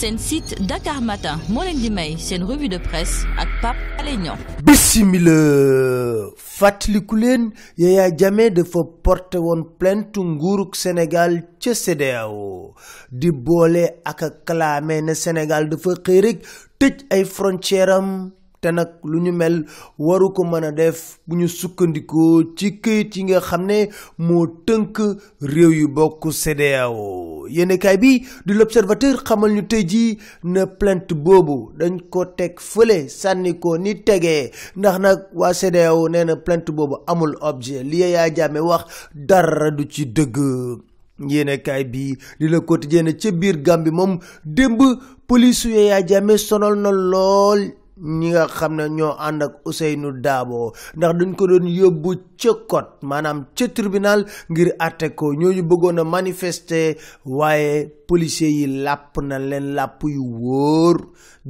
seen site Dakar Matin moo leen di may seen revue de presse ak Pape Alé Niang bisimila fàttaliku leen Yaya Jammeh dafa porte woon plainte nguurug senegal ca CEDEAO di boole ak a clamé ne Sénégal dafa xëy rek tëj ay frontière nag lu ñu mel waru ko mën a def bu ñu sukkandikoo ci këyit yi nga xam ne moo tënk réew yu bokk CEDEAO yéenekaay bi di l'observateur xamal ñu tey jii na plainte boobu dañ ko teg fële sànni ko ni tegee ndax nag waa CEDEAO nee na plainte boobu amul objet li Yaya Jammeh wax dara du ci dëgg yéenekaay bi di Le Quotidien ca biir Gàmbi moom démb polisu Yaya Jammeh sonal na lool ñi nga xam ne ñoo ànd ak Ousseynou daabo ndax dañ ko doon yóbbu ca kot maanaam ca tribunal ngir àtte ko ñooñu bëggoon a manifester waaye policiers yi làpp na leen làpp yu wóor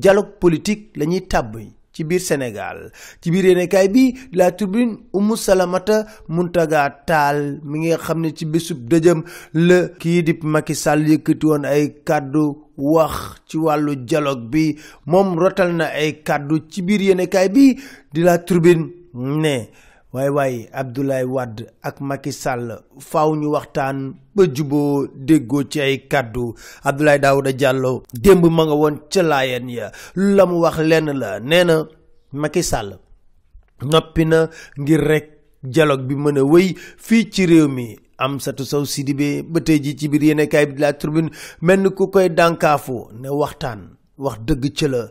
jaloog politique lañuy ñuy tàbb ci biir Sénégal ci biir yéenekaay bi la tribune Oumou Salamata Muntaga Taal mi nga xam ne ci bésub dëjëm la kii di Macky Sall yëkkati woon ay kàddu wax ci wàllu dialogue bi moom rotal na ay kàddu ci biir yéenekaay bi di La Tribune ne waaye waaye Abdoulaye Wade ak Macky Sall faaw ñu waxtaan ba juboo déggoo ci ay kàddu Abdoulaye Daouda jàlloo démb ma nga woon ca laayeen ya la mu wax lenn la nee na Macky Sall noppi na ngir rekk jaloog bi mën a wéy fii ci réew mi am Amsatou Sow Sidibé ba tey ji ci biir yéenekaay bi di La Tribune mel ni ku koy dànkaafu ne waxtaan wax dëgg cëla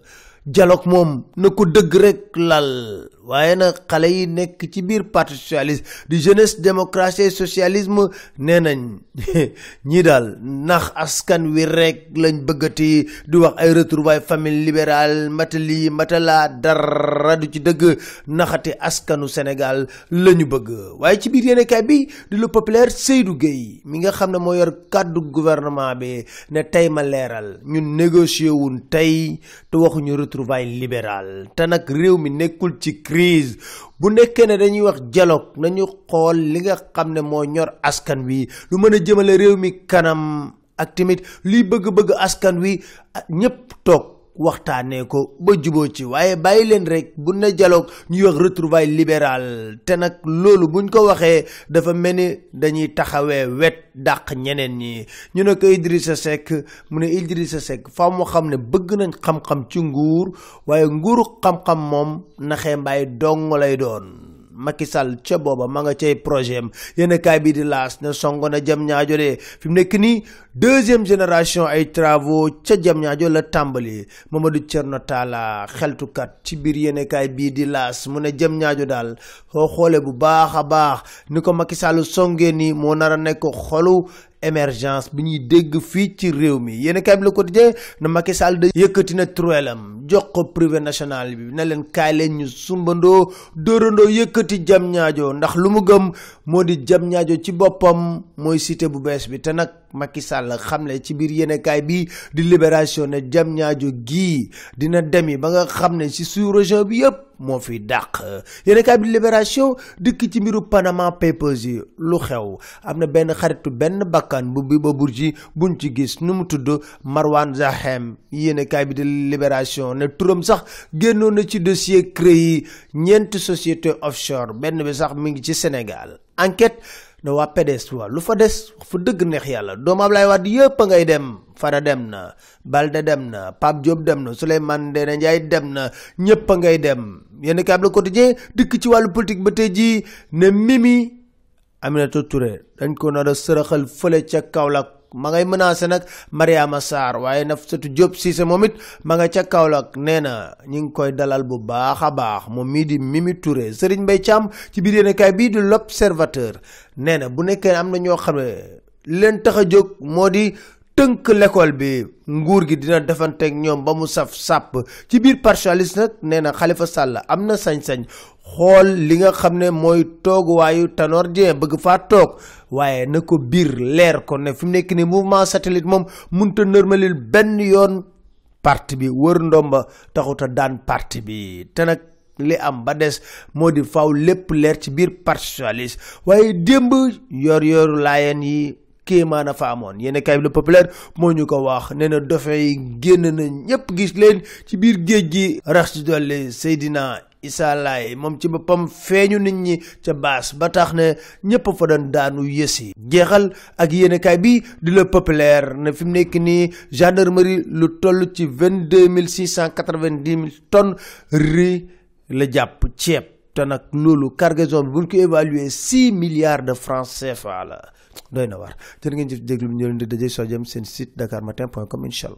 dialogue moom na ko dëgg rek lal waaye nag xale yi nekk ci biir parti socialiste di jeunesse démocratie et socialisme nee nañ ñii daal ndax askan wi rek lañ bëggati di wax ay retrouvailles famille libérale matali matala dara du ci dëgg naxati askanu Sénégal la ñu bëgg waaye ci biir yéenekaay bi di Le Populaire Seydou Guèye mi nga xam ne moo yor kàddu gouvernement bi ne tey ma leeral ñun négocier wuñ tey te waxuñu retour retrouvailles libérales te nag réew mi nekkul ci crise bu nekkee ne dañuy wax jaloog nañu xool li nga xam ne moo ñor askan wi lu mën a jëmale réew mi kanam ak tamit luy bëgg-bëgg askan wi ah, ñépp toog waxtaanee ko ba juboo ci waaye bàyyi leen rek bu ne jaloog ñuy wax retrouvailles libérales te nag loolu buñ ko waxee dafa mel ni dañuy taxawee wet dàq ñeneen ñi ñu ne ko Idrissa Seck mu ne Idrissa Seck fa mu xam ne bëgg nañ xam-xam ci nguur waaye nguuru xam-xam moom naxee mbaay dong lay doon Macky Sall ca booba ma nga cay projet am bii di laas ne songo na jam ñaajo de fi mu nekk nii deuxième génération ay travaux ca jam ñaajo la tàmbali Mamadou Thierno Talla xeltukat ci biir yéen bii di laas mu ne jam ñaajo daal xoo xoolee bu baax a baax ni ko Macky Sall songee nii moo nar a nekk xolu émergence bi ñuy dégg fii ci réew mi yéen kay bi Le Quotidien na Macky da yëkkati na truelam jox ko privé national bi na leen kaay leen ñu sumbandoo dóorandoo yëkkati jam ñaajo ndax lu mu gëm moo di jam ñaajo ci boppam mooy cité bu bees bi te nag Macky xam ne ci biir yenekaay bi di Libération ne ñaajo gii dina demi ba nga xam ne ci su région bi yëpp moo fi dàq yéenekaay bi Libération dikk ci mbiru Panama Papers yi lu xew am na benn xaritu benn bakkan bu bi ba burji buñ ci gis nu mu tudd Marwan Zahem yéenekaay bi di Libération ne turam sax génnoon na ci dossier CREI ñeenti société offshore benn bi sax mi ngi ci Sénégal enquête ne waa PDS lu fa des fu dëgg neex yàlla doomu Ablaye Wade yëpp a ngay dem Fara dem na Balde dem na Pape Diop dem na Souleymane Ndéné Ndiaye dem na ñëpp ngay dem yenn kàddu Le Quotidien dikk ci wàllu politique ba tey jii ne Mimi Aminata Touré dañ ko nar a sërëxal fële ca Kaolack ma ngay menacé nag Mariama Sarr waaye Nafissatou Diop Cissé moom it ma nga ca Kaolack nee na ñi ngi koy dalal bu baax a baax moom mii di Mimi Touré mbay ca am ci biir yéenekaay bii di l'Observateur nee na bu nekkee am na ñoo xam ne leen tax a jóg moo di tënk l'école bi nguur gi dina defanteeg ñoom ba mu saf sàpp ci biir partialiste nag nee na Khalifa Sall am na sañ-sañ xool li nga xam ne mooy tooguwaayu Tanor Dieng bëgg faa toog waaye na ko biir leer kon ne fi mu nekk nii mouvement satellite moom munta normalil benn yoon parti bi wër ndomba taxuta daan parti bi te nag li am ba des moo di faw lépp leer ci biir parti socialiste waaye démb yor-yoru laayeen yi kéemaan a fa amoon yéen kay le populaire moo ñu ko wax nee na yi génn na ñëpp gis leen ci biir géej gi rax ci dolli Seydina Issa Laye moom ci boppam feeñu nit ñi ca baas ba tax ne ñëpp fa doon daanu yësi jeexal ak yéenekaay bi di la populaire ne fi mu nekk nii gendarmerie lu toll ci vingt deux mille six cent quatre vingt mille tonnes la jàpp ceeb te nag loolu cargaison bi buñ ko évaluer six milliards de france francs CFA la. doy na waar jërë ngeen jëf déglu ñu leen di daje soo seen site dakar matin point com incha